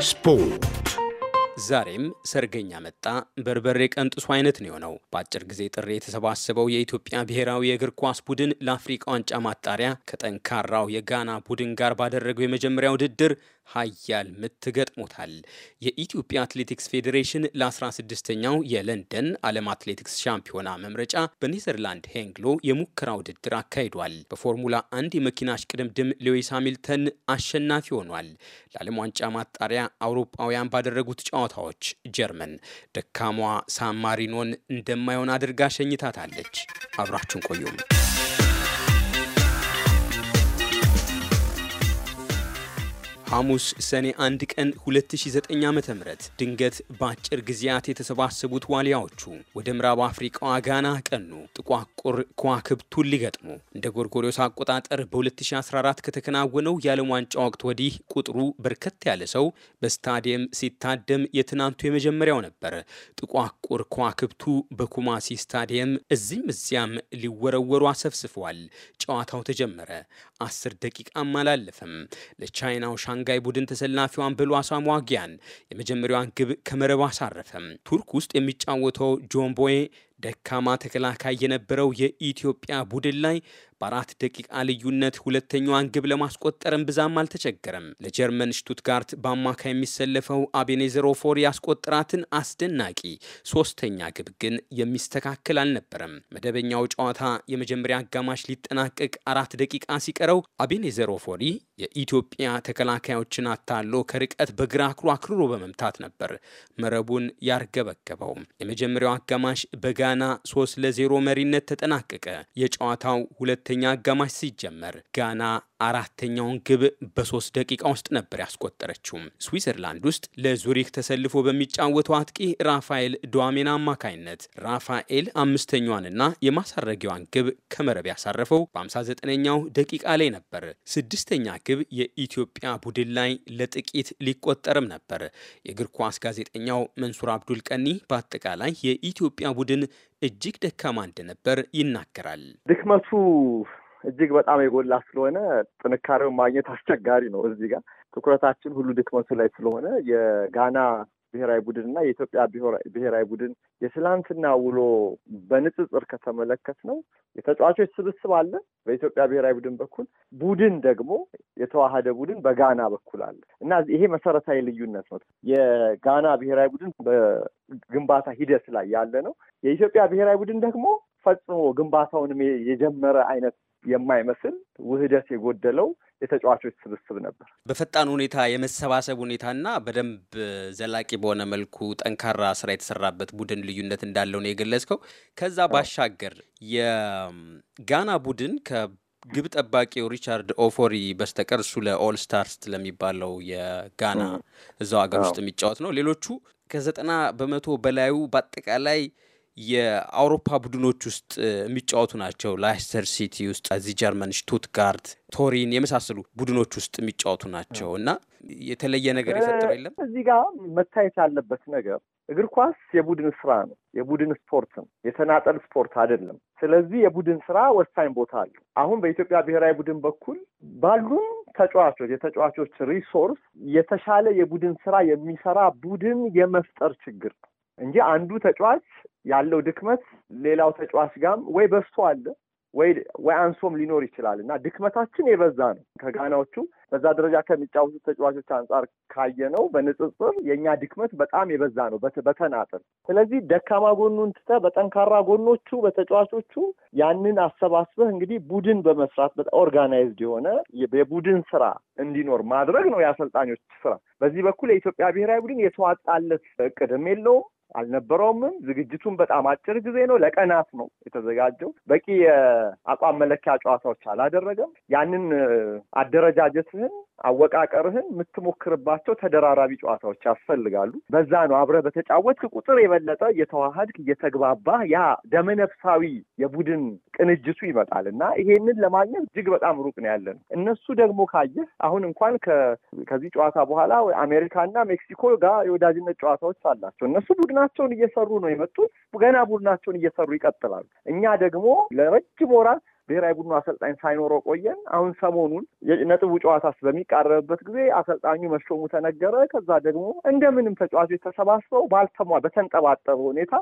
Sport. ዛሬም ሰርገኛ መጣ በርበሬ ቀንጥሱ አይነት ነው የሆነው። በአጭር ጊዜ ጥሪ የተሰባሰበው የኢትዮጵያ ብሔራዊ የእግር ኳስ ቡድን ለአፍሪቃ ዋንጫ ማጣሪያ ከጠንካራው የጋና ቡድን ጋር ባደረገው የመጀመሪያ ውድድር ሀያል ምት ገጥሞታል። የኢትዮጵያ አትሌቲክስ ፌዴሬሽን ለ16ኛው የለንደን ዓለም አትሌቲክስ ሻምፒዮና መምረጫ በኔዘርላንድ ሄንግሎ የሙከራ ውድድር አካሂዷል። በፎርሙላ አንድ የመኪና እሽቅድምድም ሌዊስ ሃሚልተን አሸናፊ ሆኗል። ለዓለም ዋንጫ ማጣሪያ አውሮፓውያን ባደረጉት ጫዋ ጨዋታዎች ጀርመን ደካሟ ሳን ማሪኖን እንደማይሆን አድርጋ ሸኝታታለች። አብራችሁን ቆዩም ሐሙስ ሰኔ 1 ቀን 2009 ዓ.ም ድንገት በአጭር ጊዜያት የተሰባሰቡት ዋሊያዎቹ ወደ ምዕራብ አፍሪቃዋ ጋና ቀኑ። ጥቋቁር ከዋክብቱን ሊገጥሙ እንደ ጎርጎሪዮስ አቆጣጠር በ2014 ከተከናወነው የዓለም ዋንጫ ወቅት ወዲህ ቁጥሩ በርከት ያለ ሰው በስታዲየም ሲታደም የትናንቱ የመጀመሪያው ነበር። ጥቋቁር ከዋክብቱ በኩማሲ ስታዲየም እዚህም እዚያም ሊወረወሩ አሰፍስፏል። ጨዋታው ተጀመረ። አስር ደቂቃም አላለፈም። ለቻይናው የሻንጋይ ቡድን ተሰላፊዋን በሏሳ ዋጊያን የመጀመሪያዋን ግብ ከመረብ አሳረፈም። ቱርክ ውስጥ የሚጫወተው ጆንቦዬ ደካማ ተከላካይ የነበረው የኢትዮጵያ ቡድን ላይ በአራት ደቂቃ ልዩነት ሁለተኛዋን ግብ ለማስቆጠርም ብዛም አልተቸገረም። ለጀርመን ሽቱትጋርት በአማካይ የሚሰለፈው አቤኔዘር ኦፎር ያስቆጠራትን አስደናቂ ሶስተኛ ግብ ግን የሚስተካከል አልነበረም። መደበኛው ጨዋታ የመጀመሪያ አጋማሽ ሊጠናቀቅ አራት ደቂቃ ሲቀረው አቤኔዘር ኦፎሪ የኢትዮጵያ ተከላካዮችን አታሎ ከርቀት በግራ አክሎ አክርሮ በመምታት ነበር መረቡን ያርገበገበው። የመጀመሪያው አጋማሽ በጋ ጋና 3 ለ0 መሪነት ተጠናቀቀ። የጨዋታው ሁለተኛ አጋማሽ ሲጀመር ጋና አራተኛውን ግብ በሶስት ደቂቃ ውስጥ ነበር ያስቆጠረችውም። ስዊዘርላንድ ውስጥ ለዙሪክ ተሰልፎ በሚጫወተው አጥቂ ራፋኤል ዶሜና አማካይነት ራፋኤል አምስተኛዋንና የማሳረጊዋን ግብ ከመረብ ያሳረፈው በ59ኛው ደቂቃ ላይ ነበር። ስድስተኛ ግብ የኢትዮጵያ ቡድን ላይ ለጥቂት ሊቆጠርም ነበር። የእግር ኳስ ጋዜጠኛው መንሱር አብዱል ቀኒ በአጠቃላይ የኢትዮጵያ ቡድን እጅግ ደካማ እንደነበር ይናገራል። ድክመቱ እጅግ በጣም የጎላ ስለሆነ ጥንካሬውን ማግኘት አስቸጋሪ ነው። እዚህ ጋር ትኩረታችን ሁሉ ድክመቱ ላይ ስለሆነ የጋና ብሔራዊ ቡድን እና የኢትዮጵያ ብሔራዊ ቡድን የትላንትና ውሎ በንጽጽር ከተመለከት ነው የተጫዋቾች ስብስብ አለ በኢትዮጵያ ብሔራዊ ቡድን በኩል ቡድን ደግሞ የተዋሃደ ቡድን በጋና በኩል አለ እና ይሄ መሰረታዊ ልዩነት ነው። የጋና ብሔራዊ ቡድን በግንባታ ሂደት ላይ ያለ ነው። የኢትዮጵያ ብሔራዊ ቡድን ደግሞ ፈጽሞ ግንባታውንም የጀመረ አይነት የማይመስል ውህደት የጎደለው የተጫዋቾች ስብስብ ነበር። በፈጣን ሁኔታ የመሰባሰብ ሁኔታና በደንብ ዘላቂ በሆነ መልኩ ጠንካራ ስራ የተሰራበት ቡድን ልዩነት እንዳለው ነው የገለጽከው። ከዛ ባሻገር የጋና ቡድን ከግብ ጠባቂው ሪቻርድ ኦፎሪ በስተቀር እሱ ለኦል ስታርስ ለሚባለው የጋና እዛው ሀገር ውስጥ የሚጫወት ነው። ሌሎቹ ከዘጠና በመቶ በላዩ በአጠቃላይ የአውሮፓ ቡድኖች ውስጥ የሚጫወቱ ናቸው። ላይስተር ሲቲ ውስጥ እዚህ ጀርመን ሽቱትጋርት፣ ቶሪን የመሳሰሉ ቡድኖች ውስጥ የሚጫወቱ ናቸው እና የተለየ ነገር የፈጠረው የለም። እዚህ ጋር መታየት ያለበት ነገር እግር ኳስ የቡድን ስራ ነው፣ የቡድን ስፖርት ነው፣ የተናጠል ስፖርት አይደለም። ስለዚህ የቡድን ስራ ወሳኝ ቦታ አለው። አሁን በኢትዮጵያ ብሔራዊ ቡድን በኩል ባሉን ተጫዋቾች የተጫዋቾች ሪሶርስ የተሻለ የቡድን ስራ የሚሰራ ቡድን የመፍጠር ችግር ነው። እንጂ አንዱ ተጫዋች ያለው ድክመት ሌላው ተጫዋች ጋም ወይ በሱ አለ ወይ ወይ አንሶም ሊኖር ይችላል እና ድክመታችን የበዛ ነው። ከጋናዎቹ በዛ ደረጃ ከሚጫወቱት ተጫዋቾች አንጻር ካየ ነው በንጽጽር የእኛ ድክመት በጣም የበዛ ነው በተናጥር። ስለዚህ ደካማ ጎኑን ትተ በጠንካራ ጎኖቹ በተጫዋቾቹ ያንን አሰባስበህ እንግዲህ ቡድን በመስራት በጣም ኦርጋናይዝድ የሆነ የቡድን ስራ እንዲኖር ማድረግ ነው የአሰልጣኞች ስራ። በዚህ በኩል የኢትዮጵያ ብሔራዊ ቡድን የተዋጣለት እቅድም የለውም አልነበረውምም። ዝግጅቱም በጣም አጭር ጊዜ ነው፣ ለቀናት ነው የተዘጋጀው። በቂ የአቋም መለኪያ ጨዋታዎች አላደረገም። ያንን አደረጃጀትህን፣ አወቃቀርህን የምትሞክርባቸው ተደራራቢ ጨዋታዎች ያስፈልጋሉ። በዛ ነው አብረህ በተጫወትክ ቁጥር የበለጠ እየተዋሃድክ እየተግባባህ ያ ደመነፍሳዊ የቡድን ቅንጅቱ ይመጣል እና ይሄንን ለማግኘት እጅግ በጣም ሩቅ ነው ያለን። እነሱ ደግሞ ካየህ አሁን እንኳን ከዚህ ጨዋታ በኋላ አሜሪካና ሜክሲኮ ጋር የወዳጅነት ጨዋታዎች አላቸው እነሱ ቡድን ቡድናቸውን እየሰሩ ነው የመጡት። ገና ቡድናቸውን እየሰሩ ይቀጥላሉ። እኛ ደግሞ ለረጅም ወራት ብሔራዊ ቡድኑ አሰልጣኝ ሳይኖረው ቆየን። አሁን ሰሞኑን የነጥቡ ጨዋታ በሚቃረብበት ጊዜ አሰልጣኙ መሾሙ ተነገረ። ከዛ ደግሞ እንደምንም ተጫዋቾች ተሰባስበው ባልተሟ በተንጠባጠበ ሁኔታ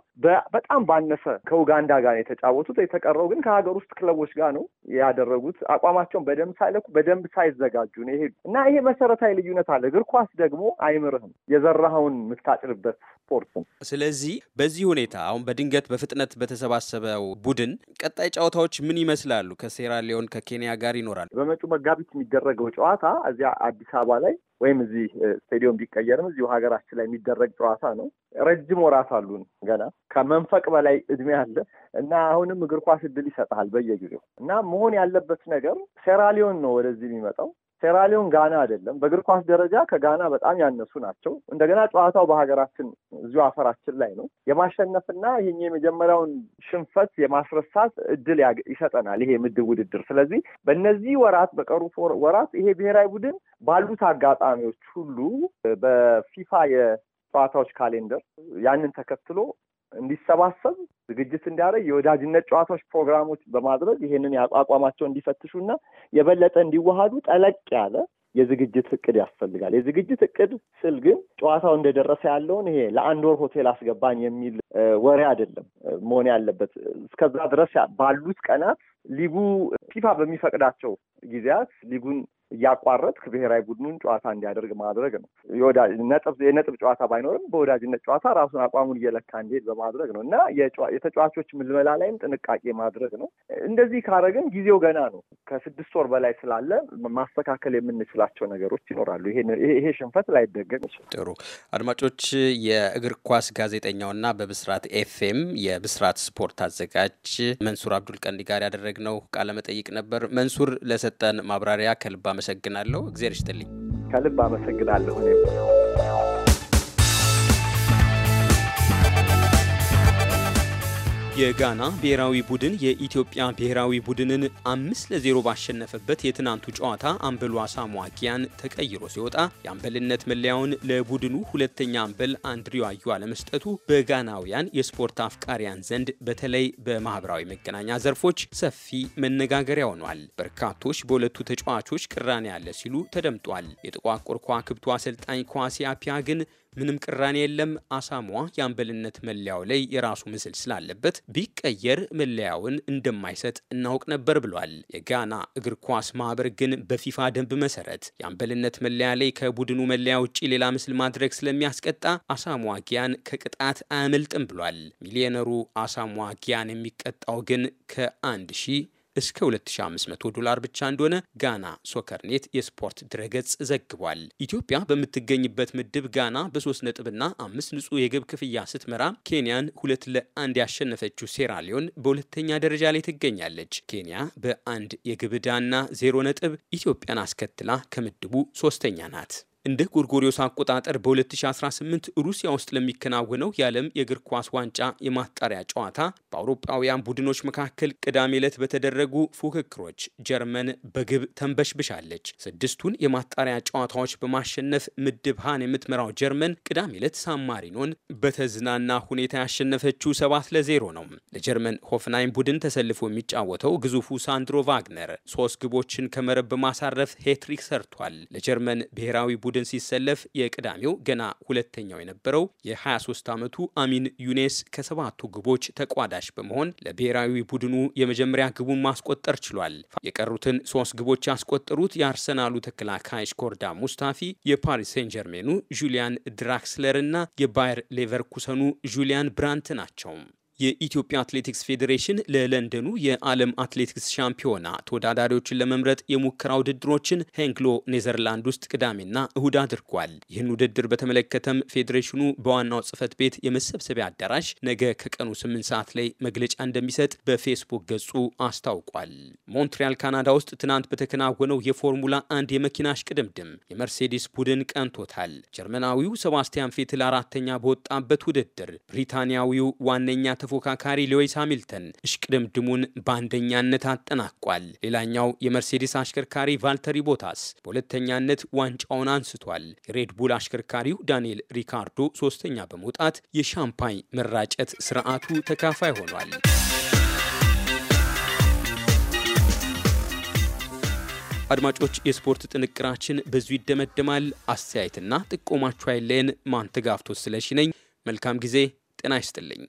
በጣም ባነሰ ከኡጋንዳ ጋር የተጫወቱት። የተቀረው ግን ከሀገር ውስጥ ክለቦች ጋር ነው ያደረጉት። አቋማቸውን በደንብ ሳይለኩ በደንብ ሳይዘጋጁ ነው ይሄዱ እና ይሄ መሰረታዊ ልዩነት አለ። እግር ኳስ ደግሞ አይምርህም፣ የዘራኸውን የምታጭርበት ስፖርት ነው። ስለዚህ በዚህ ሁኔታ አሁን በድንገት በፍጥነት በተሰባሰበው ቡድን ቀጣይ ጨዋታዎች ምን ይመስላል? ይላሉ። ከሴራሊዮን ከኬንያ ጋር ይኖራል። በመጪው መጋቢት የሚደረገው ጨዋታ እዚያ አዲስ አበባ ላይ ወይም እዚህ ስቴዲየም ቢቀየርም እዚሁ ሀገራችን ላይ የሚደረግ ጨዋታ ነው። ረጅም ወራት አሉን ገና ከመንፈቅ በላይ እድሜ አለ እና አሁንም እግር ኳስ እድል ይሰጥሃል በየጊዜው እና መሆን ያለበት ነገር ሴራሊዮን ነው ወደዚህ የሚመጣው ሴራሊዮን ጋና አይደለም። በእግር ኳስ ደረጃ ከጋና በጣም ያነሱ ናቸው። እንደገና ጨዋታው በሀገራችን እዚሁ አፈራችን ላይ ነው። የማሸነፍና ይህ የመጀመሪያውን ሽንፈት የማስረሳት እድል ይሰጠናል ይሄ ምድብ ውድድር። ስለዚህ በእነዚህ ወራት፣ በቀሩ ወራት ይሄ ብሔራዊ ቡድን ባሉት አጋጣሚዎች ሁሉ በፊፋ የጨዋታዎች ካሌንደር ያንን ተከትሎ እንዲሰባሰብ ዝግጅት እንዲያደርግ የወዳጅነት ጨዋታዎች ፕሮግራሞች በማድረግ ይሄንን አቋማቸው እንዲፈትሹና የበለጠ እንዲዋሃዱ ጠለቅ ያለ የዝግጅት እቅድ ያስፈልጋል። የዝግጅት እቅድ ስል ግን ጨዋታው እንደደረሰ ያለውን ይሄ ለአንድ ወር ሆቴል አስገባኝ የሚል ወሬ አይደለም መሆን ያለበት። እስከዛ ድረስ ባሉት ቀናት ሊጉ ፊፋ በሚፈቅዳቸው ጊዜያት ሊጉን እያቋረጥክ ብሔራዊ ቡድኑን ጨዋታ እንዲያደርግ ማድረግ ነው። የነጥብ ጨዋታ ባይኖርም በወዳጅነት ጨዋታ ራሱን አቋሙን እየለካ እንዲሄድ በማድረግ ነው እና የተጫዋቾች ምልመላ ላይም ጥንቃቄ ማድረግ ነው። እንደዚህ ካረግን ጊዜው ገና ነው። ከስድስት ወር በላይ ስላለ ማስተካከል የምንችላቸው ነገሮች ይኖራሉ። ይሄ ሽንፈት ላይደገም ይችላል። ጥሩ አድማጮች፣ የእግር ኳስ ጋዜጠኛውና በብስራት ኤፍኤም የብስራት ስፖርት አዘጋጅ መንሱር አብዱልቀንዲ ጋር ያደረግነው ቃለመጠይቅ ነበር። መንሱር ለሰጠን ማብራሪያ ከልባ አመሰግናለሁ። እግዚአብሔር ይስጥልኝ። ከልብ አመሰግናለሁ። እኔ የጋና ብሔራዊ ቡድን የኢትዮጵያ ብሔራዊ ቡድንን አምስት ለዜሮ ባሸነፈበት የትናንቱ ጨዋታ አምበሉ አሳሙ ተቀይሮ ሲወጣ የአምበልነት መለያውን ለቡድኑ ሁለተኛ አምበል አንድሪው አዩ አለመስጠቱ በጋናውያን የስፖርት አፍቃሪያን ዘንድ በተለይ በማህበራዊ መገናኛ ዘርፎች ሰፊ መነጋገሪያ ሆኗል። በርካቶች በሁለቱ ተጫዋቾች ቅራኔ ያለ ሲሉ ተደምጧል። የጥቋቁር ከዋክብቱ አሰልጣኝ ኳሲ አፒያ ግን ምንም ቅራኔ የለም። አሳሟ የአምበልነት መለያው ላይ የራሱ ምስል ስላለበት ቢቀየር መለያውን እንደማይሰጥ እናውቅ ነበር ብሏል። የጋና እግር ኳስ ማህበር ግን በፊፋ ደንብ መሰረት የአምበልነት መለያ ላይ ከቡድኑ መለያ ውጭ ሌላ ምስል ማድረግ ስለሚያስቀጣ አሳሟ ጊያን ከቅጣት አያመልጥም ብሏል። ሚሊዮነሩ አሳሟ ጊያን የሚቀጣው ግን ከአንድ ሺህ እስከ 2500 ዶላር ብቻ እንደሆነ ጋና ሶከርኔት የስፖርት ድረገጽ ዘግቧል። ኢትዮጵያ በምትገኝበት ምድብ ጋና በ3 ነጥብና አምስት ንጹህ የግብ ክፍያ ስትመራ ኬንያን ሁለት ለአንድ ያሸነፈችው ሴራሊዮን በሁለተኛ ደረጃ ላይ ትገኛለች። ኬንያ በአንድ የግብ ዕዳና ዜሮ ነጥብ ኢትዮጵያን አስከትላ ከምድቡ ሶስተኛ ናት። እንደ ጎርጎሪዮስ አቆጣጠር በ2018 ሩሲያ ውስጥ ለሚከናወነው የዓለም የእግር ኳስ ዋንጫ የማጣሪያ ጨዋታ በአውሮፓውያን ቡድኖች መካከል ቅዳሜ ዕለት በተደረጉ ፉክክሮች ጀርመን በግብ ተንበሽብሻለች። ስድስቱን የማጣሪያ ጨዋታዎች በማሸነፍ ምድብ ሃን የምትመራው ጀርመን ቅዳሜ ዕለት ሳማሪኖን በተዝናና ሁኔታ ያሸነፈችው ሰባት ለዜሮ ነው። ለጀርመን ሆፍናይም ቡድን ተሰልፎ የሚጫወተው ግዙፉ ሳንድሮ ቫግነር ሶስት ግቦችን ከመረብ በማሳረፍ ሄትሪክ ሰርቷል። ለጀርመን ብሔራዊ ቡድን ቡድን ሲሰለፍ የቅዳሜው ገና ሁለተኛው የነበረው የ23 ዓመቱ አሚን ዩኔስ ከሰባቱ ግቦች ተቋዳሽ በመሆን ለብሔራዊ ቡድኑ የመጀመሪያ ግቡን ማስቆጠር ችሏል። የቀሩትን ሶስት ግቦች ያስቆጠሩት የአርሰናሉ ተከላካይ ሽኮርዳ ሙስታፊ፣ የፓሪስ ሴን ጀርሜኑ ጁሊያን ድራክስለር እና የባየር ሌቨርኩሰኑ ጁሊያን ብራንት ናቸው። የኢትዮጵያ አትሌቲክስ ፌዴሬሽን ለለንደኑ የዓለም አትሌቲክስ ሻምፒዮና ተወዳዳሪዎችን ለመምረጥ የሙከራ ውድድሮችን ሄንግሎ ኔዘርላንድ ውስጥ ቅዳሜና እሁድ አድርጓል። ይህን ውድድር በተመለከተም ፌዴሬሽኑ በዋናው ጽህፈት ቤት የመሰብሰቢያ አዳራሽ ነገ ከቀኑ 8 ሰዓት ላይ መግለጫ እንደሚሰጥ በፌስቡክ ገጹ አስታውቋል። ሞንትሪያል ካናዳ ውስጥ ትናንት በተከናወነው የፎርሙላ አንድ የመኪና እሽቅድምድም የመርሴዲስ ቡድን ቀንቶታል። ጀርመናዊው ሰባስቲያን ፌትል አራተኛ በወጣበት ውድድር ብሪታንያዊው ዋነኛ ተፎካካሪ ሎዊስ ሃሚልተን እሽቅድምድሙን በአንደኛነት አጠናቋል። ሌላኛው የመርሴዲስ አሽከርካሪ ቫልተሪ ቦታስ በሁለተኛነት ዋንጫውን አንስቷል። የሬድቡል አሽከርካሪው ዳንኤል ሪካርዶ ሶስተኛ በመውጣት የሻምፓኝ መራጨት ስርዓቱ ተካፋይ ሆኗል። አድማጮች፣ የስፖርት ጥንቅራችን በዙ ይደመደማል። አስተያየትና ጥቆማችሁ አይለን። ማንተጋፍቶ ስለሺ ነኝ። መልካም ጊዜ። ጤና ይስጥልኝ።